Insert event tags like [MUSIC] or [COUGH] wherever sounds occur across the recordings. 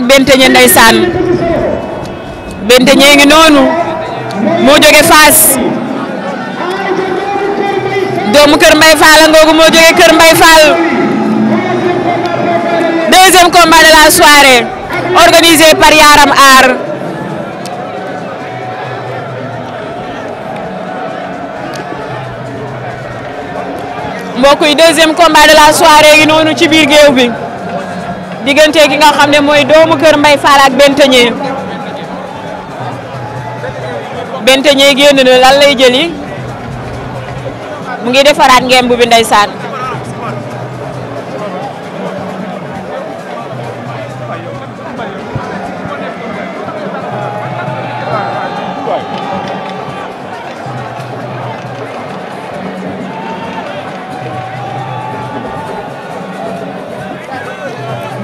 ak benteñe ndeysaan benteñe ngi noonu moo jóge Fass doomu Kër Mbay Fall ngoogu moo jóge Kër Mbay Fall deuxième combat de la soirée organisé par Yaram Art mbokk yi deuxième de la soirée ngi noonu ci biir géew bi diggante ki nga xam ne mooy doomu kër Mbay Fall ak Benteñe génn na lan lay jëli mu ngi defaraat ngemb bi ndeysaan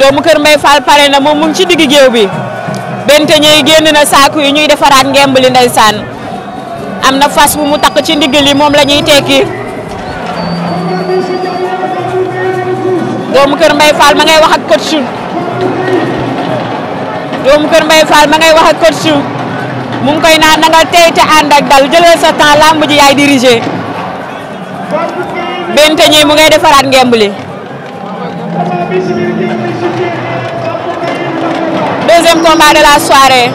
doomu kër Mbay Fall pare na moom mu ngi ci digg géew bi bente i génn na saaku yi ñuy defaraat ngemb li saan am na fas bu mu takk ci ndigg li moom la ñuy tekki doomu kër Mbay Fall ma ngay wax ak coach doomu kër ngay wax ak coach mu ngi koy naan na tey te ànd ak dal jëlal sa temps làmb ji yaay diriger bente ñi mu ngay defaraat ngemb li deuxième combat de la soirée.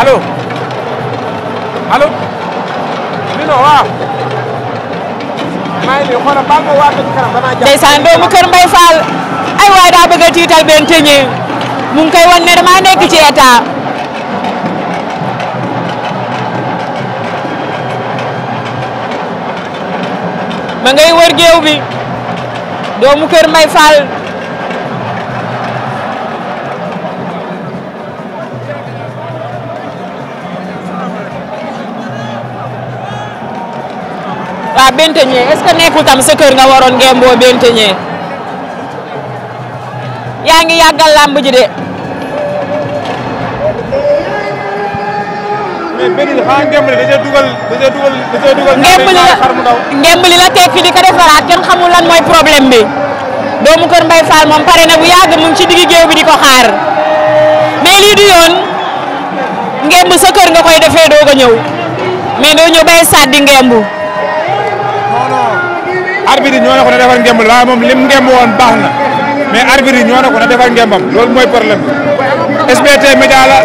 allo allo. doomu Kër Mbaye Fall ay waay daa bëgg tiital benn teñee mu ngi koy wan ne dama nekk ci état. ma wër géew bi. doomu kër Mbay Fall waaw benteñe est-ce que nekkul tam sa kër nga waroon ngemboo benteñe yaa ngi yàggal làmb ji de mais benn xanaa ngembali da cee dugal da cee dugal da cee la tekki di ko defaraat kenn xamul lan mooy problème bi doomu kër Mbaye Fall moom pare na bu yàgg mu ci digg géew bi di ko xaar mais lii du yoon ngemb sa kër nga koy defee doo ko ñëw mais doo ñëw bay sàddi ngemb. arbitre yi ñoo ne ko na defar ngembal waaye moom lim ngemb woon baax na mais arbitre ñoo ne ko na defar ngembam loolu mooy problème bi SBT la.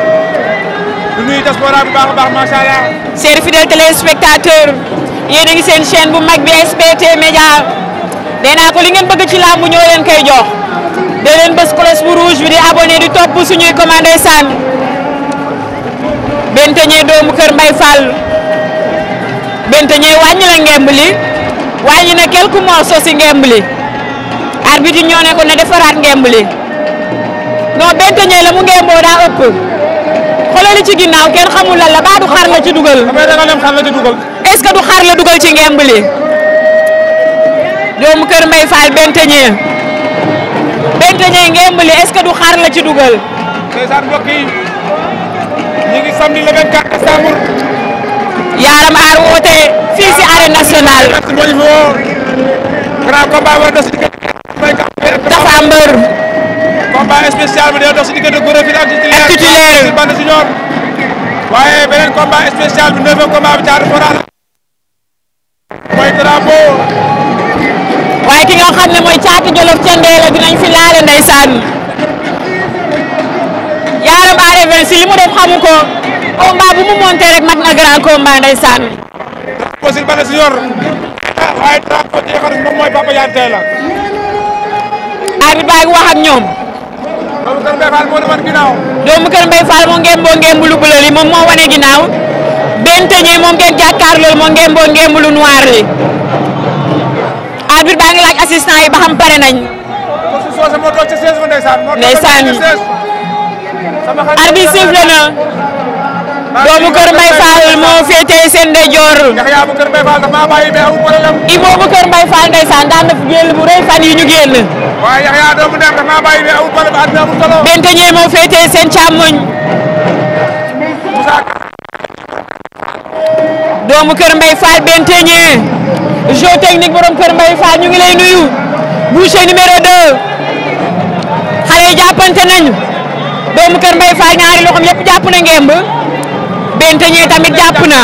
du nuyu diaspora bu baax a baax macha allah. chers fidèles téléspectateurs yéen ngi seen chaîne bu mag bi SBT Média nee naa ko li ngeen bëgg ci làmb ñoo leen koy jox de leen bës cloche bu rouge bi di abonné di topp suñuy commandé sànn benteñee doomu kër Mbay Fall benteñee wàññi la ngemb li wàññi na quelques morceaux si ngemb li arbitre ñoo ne ko ne defaraat ngemb li non benteñee la mu ngemboo daa ëpp. xoolal ci ginnaaw kenn xamul lan la baa du xar la ci dugal. xar du xar la dugal ci ngemb li. doomu kër Mbay Fall benteñee benteñee ngemb li est du xar la ci dugal. ndeysaan mbokk yi fii si arène nationale. grand combat combat spécial bi day dox si diggante Gora Fine ak waaye beneen combat spécial bi neuvième combat bi Thiatou mooy drapeau waaye ki nga xam ne mooy Caatu Jolof ca Ndeela dinañ fi laale ndeysaan yaaram Baare Vinci li mu def xamu ko bu mu monté rek mat na grand combat ndeysaan drapeau si moom mooy Papa Yane Tey la arbitre baa ngi wax ñoom doomu kër Mbaye Fall moo di wan ginnaaw. doomu kër Mbaye Fall moo ngeen boo ngeen bulu bulo li moom moo wane ginnaaw benn tëñee moom ngeen jàkkaar loolu moo ngeen boo ngeen bulu noir li. arbitre baa ngi laaj assistant yi ba xam pare nañ. ndeysaan. arbitre siffle na. doomu Kër Mbaye Fall moo féetee seen ndeyjoor. Yaxya bu Kër Mbaye Fall dafa bàyyi daan na jël bu rëy fan yi ñu génn. waaw Yaxya doomu Ndem dafa bàyyi moo féetee seen càmmoñ. doomu Kër Mbaye Fall Bente Ndié. jeu technique borom Kër Mbaye Fall ñu ngi lay nuyu. boucher numéro 2. xale jàppante nañu. doomu Kër Mbaye Fall ñaari loxoom yëpp jàpp na ngemb. xamante ni tamit jàpp na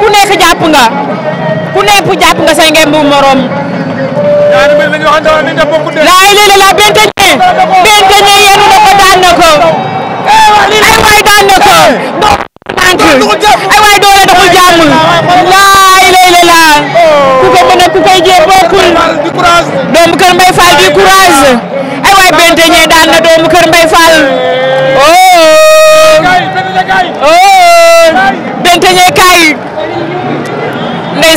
ku nekk jàpp nga ku nekk jàpp morom. ñaari mbir la ñu waxante woon nañu bokku de. laa ilaaha illallaah Bente Dieng. Bente daan na ko. ay waay daan na ko. ay waay doole doxul jàmmul. laa ilaaha illallaah. ku ko mën ku koy jéem bokkul. doomu kër Mbaye Fall du courage. ay waay Bente Dieng daan na doomu kër Mbaye Fall.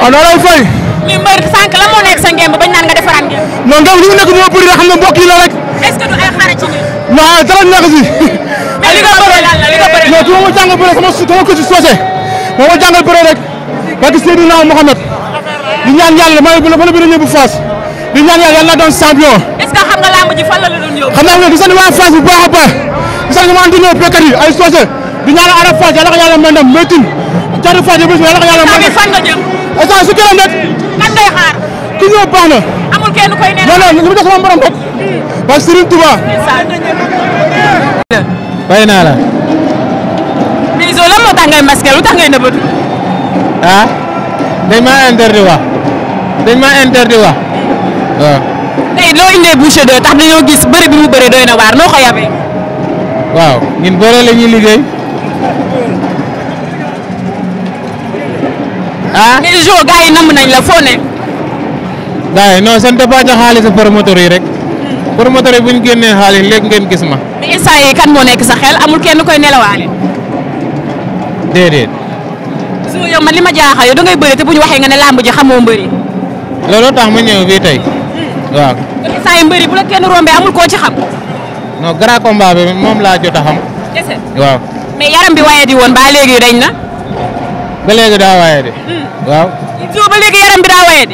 waaw noo lay fay. lii mbër nga defaraat ngeen. non moo bëri la xam ne mbokk yi rek. est-ce nekk si. [LAUGHS] mais li nga bëri lan la ma jàngal bëri sama sama di ñaan yàlla may bu la mën a bu Fass. di ñaan yàlla yàlla doon doon yóbbu. xam naa ne di sant waa Fass bu baax a baax di sant ñoom ànd ñëw béykat ay soose di ñaanal Ada Fass yàlla ko yàlla mën dem métti Thiatou Fass yi bés yàlla ko yàlla mën dem fan nga jëm instant su këram rek kan ngay xaar ku ñëw baax na amul kenn koy nee non non li mu def sama morom rek ba hmm. Serigne Touba bay naa la mais Zo lan moo tax ngay masqué lu tax ngay nëbbatu ah dañ maa interdit wax dañ maa interdit wax waaw tey loo indee boucher de tax dañoo gis bëri bi mu bëri doy na waar noo ko yabee waaw ñun bëre la ñuy liggéey ah. mais jour yi namm nañ la foo ne. yi non sant ba ca xaalisu promoteur rek. promoteur yi bu ñu génnee xaalis léegi ngeen gis ma. mais instant yii kan moo nekk sa amul kenn koy nelawaale. déedéet. su yow man li ma jaaxal yow da bëri te bu ñu waxee nga ne làmb ji xamoo mbëri. looloo tax ma ñëw fii tey. Hmm. waaw. kon instant yi mbëri bu la kenn rombee amul koo ci xam. non grand combat bi moom laa jot a xam. waaw. mais yaram bi waaye di woon ba léegi dañ na. ba léegi daa waaye di. Hmm. waaw. soo ba léegi yaram bi daa waaye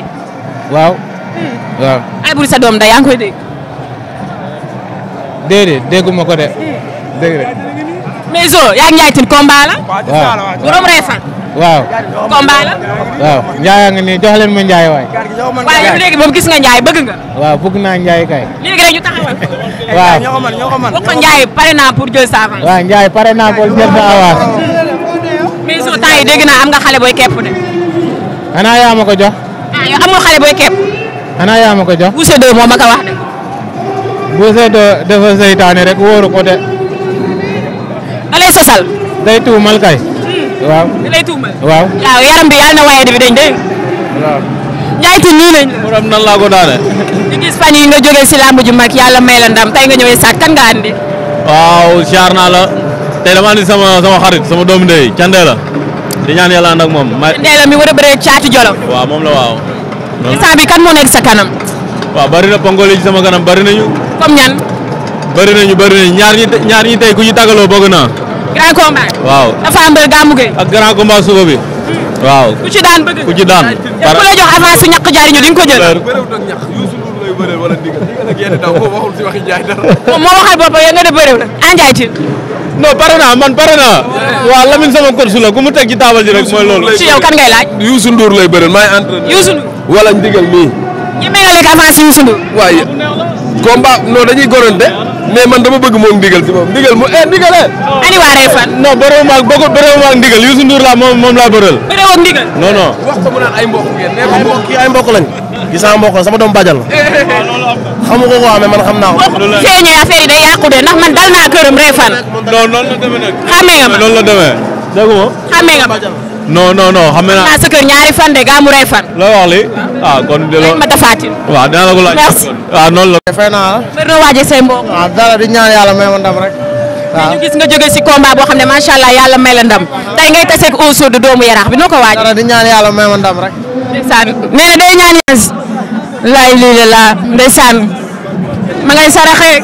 waaw. Hmm. waaw. Albouri sa doom da yaa ngi koy dégg. déedéet dégguma ko de. Hmm. dégg mais zo yaa ngi ñaaj waaw borom reefan. waaw. combat la. nga nii jox leen ma Ndiaye waay. waaye yow léegi moom gis nga Ndiaye bëgg nga. waaw bëgg naa Ndiaye kay. léegi rek [LAUGHS] waaw wax ko pare naa pour jël sa waaw Ndiaye pare naa pour jël sa avance. mais soo temps yi dégg naa am nga xale booy képp de. xanaa yaa ma ko jox. ah yow am nga xale booy képp. xanaa yaa ko jox. Boucher 2 moo ma wax de. Boucher 2 dafa seytaane rek wóoru ko de. da lay sosal. day tuumal kay. waaw li lay tuumal. waaw waaw yaram bi yàlla na waaye bi dañ dégg waaw. Ndiaye Tine nii lañ. nan laa ko daane. ñu gis fan yi nga jógee si làmb ju mag yàlla may la ndam nga ñëwee sax kan nga andi. waaw siyaar naa la tey dama andi sama sama xarit sama doomu ndey candee la di ñaan yàlla ànd moom. candee la mi war a bëree caatu jolof. waaw moom la waaw. instant kan moo nekk kanam. waaw bari na pongol yi ci sama kanam bari nañu. comme ñan. bari nañu bari ñaar ñi tey ku ñu tàggaloo bëgg naa grand combat. waaw dafa am mbër Gamou Gueye. ak grand combat suba bi. Hmm. waaw ku ci daan bëgg ku ci daan. par ku la jox avance ñàkk jaariñu di nga ko jël. bëre wala digal digal ak yenn daw moom waxul ci waxi jaay dara moo waxal boppam yéen nga ne bërew na anjaay tin non pare naa man pare naa waaw la ku mu teg ci taabal ji rek mooy loolu ci yow kan ngay laaj Youssou Ndour lay bëre maay entraîneur Youssou Ndour wala ndigal mii ñi mel na léegi avance Youssou Ndour mais man dama bëgg moom ndigal ci moom ndigal mu eh ndigal eh. fan. non bërëbu maag bëgg bërëbu maag ndigal Youssou moom moom laa bëral. bërëbu ak ndigal. ay mbokk ngeen ne ay mbokk ay la sama doom bàjjal la. xamu ko ko amee naa ko. feeñee affaire yi day yàqu de ndax man dal naa këram ree fan. non noonu la demee nag. xamee nga nga ma. no non non xam naa. sa kër ñaari fan de gaamu fan. looy wax lii ah kon. delloo ma tafaatin. waaw dinaa la ko ah, naa la. mën na waajee say mbokk. waaw ah, dara yàlla ma ndam rek. waaw nga jóge si combat boo xam ne macha allah yàlla may la ndam tey ngay taseeg au sud doomu yaraax bi noo ko waaj. dara di ñaan yàlla may ma ndam rek. ndeysaan nee na ñaan yàlla. laay lii la laa ndeysaan ma ngay saraxee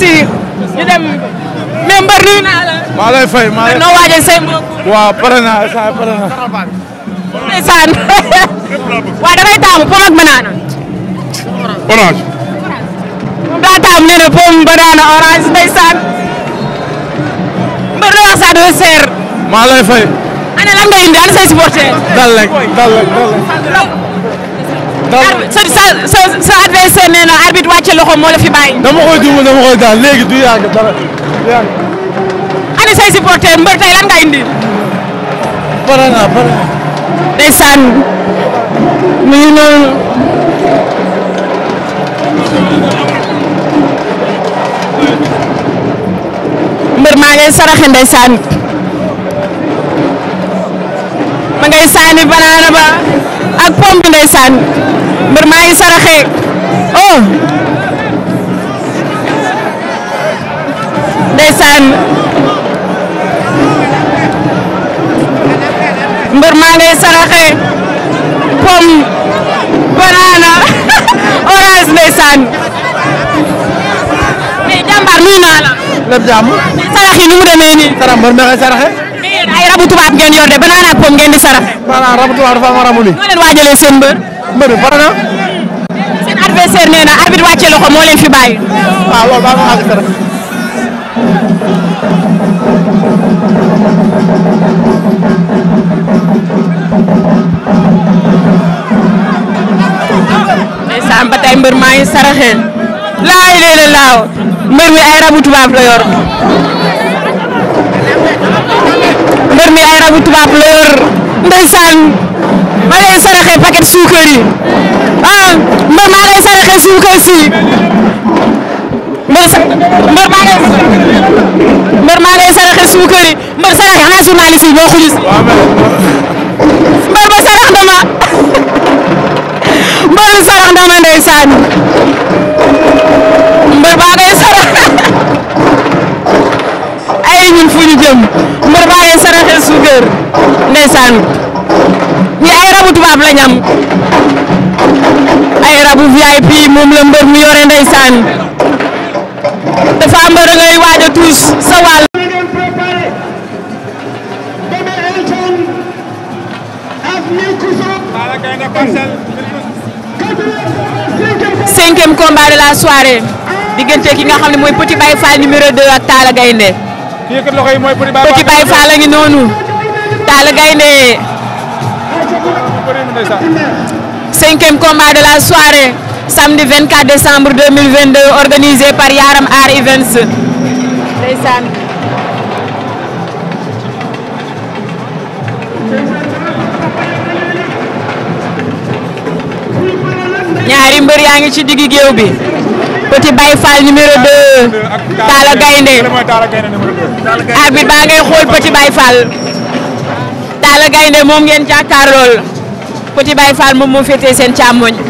[LAUGHS] mais mbër nuyu naa la. maa lay fay maa lay fay noo waajal say mbokk. waaw pare naa saa pare naa. ndeysaan [LAUGHS] waaw dafay taamu pom ak banaana. orange. moom daa taamu nee na pom banaana orange ndeysaan. mbër la wax saa doo seer. maa lay fay. ana lan ngay indi ana say supporter. dal rek dal rek dal rek. sa sa sa adversaire nee na arbitre wàcce loxo moo la fi bàyyi. dama koy dugg dama koy daal léegi du yàgg dara. ani say supporter mbër tey lan nga indi. pare naa pare. ndeysaan mu ngi noonu. mbër maa ngay saraxe ndeysaan. ma ngay saani banaana ba ak pomme bi ndeysaan mbër maa ngi saraxe oh. ndeysaan mbër maa ngay saraxe pomme banana [LAUGHS] orange ndeysaan mais jàmbaar nuyu naa la. sarax yi nu mu demee sarax mbër maa ngay saraxe. ay rabu tubaab ngeen yor de banana ak pomme di saraxe. banana rabu tubaab dafa am rabu nii. noo leen waajalee seen mbër. mbër bi pare na. seen adversaire loxo moo fi bàyyi. ndeysaan ba tey mbër maa ngi saraxee laay leena laaw mbër mi ay rabu tubaab la yor mbër mi ay rabu tubaab la yor ndeysaan ma lay saraxee paquet suukar yi ah mbër maa lay saraxee suukar si mbër mbër maa lay mbër maa ngay saraxe suukar yi mbër saraxe xanaa journaliste yi boo xulus mbër ba sarax dama mbër lu sarax dama ndeysaan mbër baa ngay sarax ay ñun fu ñu jëm mbër baa ngay saraxe suukar ndeysaan ñi ay rabu tubaab la ñam ay rabu VIP moom la mbër mu yore ndeysaan Tapha Mbeur ngay waaj a sa wàll. cinquième combat de la soirée diggante ki nga xam ne mooy Petit Baye Fall numéro 2 ak Talla Gaynde. Petit Baye Fall a ngi noonu. Gaynde. cinquième combat de la soirée. vingt 24 décembre 2022 organisé par Yaram Art Events ndeysaan ñaari mbër yaa ngi ci diggi géew bi Petit Baye Fall numéro 2 Talla Gaynde arbitre baa ngay xool Petit Baye Fall Talla Gaynde moom ngeen jàkkaarlool Petit Baye Fall moom moo féetee seen càmmoñ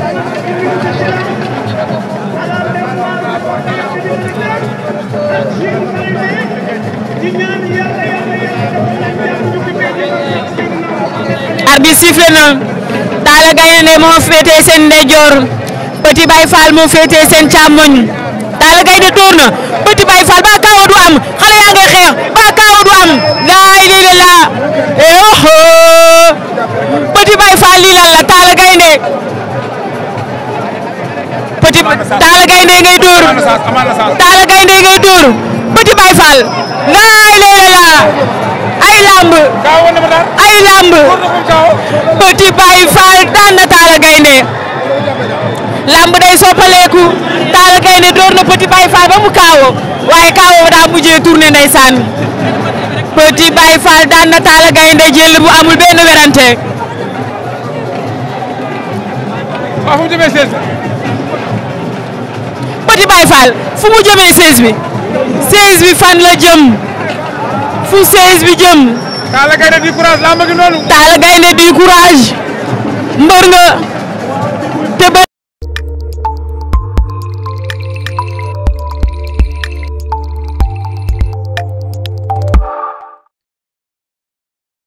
arbitre sifflé na Talla Gaindé moo féetee seen ndeyjoor Petit Baye Fall moo féetee seen càmmoñ Talla Gaindé dóor na Petit Baye Fall ba kawo du am xale yaa ngay xeex ba kawo du am laa ilaaha illallaah eh oh Petit Baye Fall lii lan la Talla Gaindé Petit Talla Gaindé ngay dóor Talla Gaindé ngay dóor Petit Baye Fall laa ilaaha illallaah ay lamb ay lamb petit Baye Fall daan na Talla Gaynde lamb day soppaleeku Talla Gaynde door na petit Baye Fall ba mu kaawoo waaye kaawoo daa mujjee tourné ndeysaan petit Baye Fall daan na Talla Gaynde jël bu amul benn werante petit Baye Fall fu mu jëmee 16 bi 16 bi fan la jëm fu 16 bi jëm. Talla Gaindé du courage laa ma gi noonu. Talla courage mbër nga.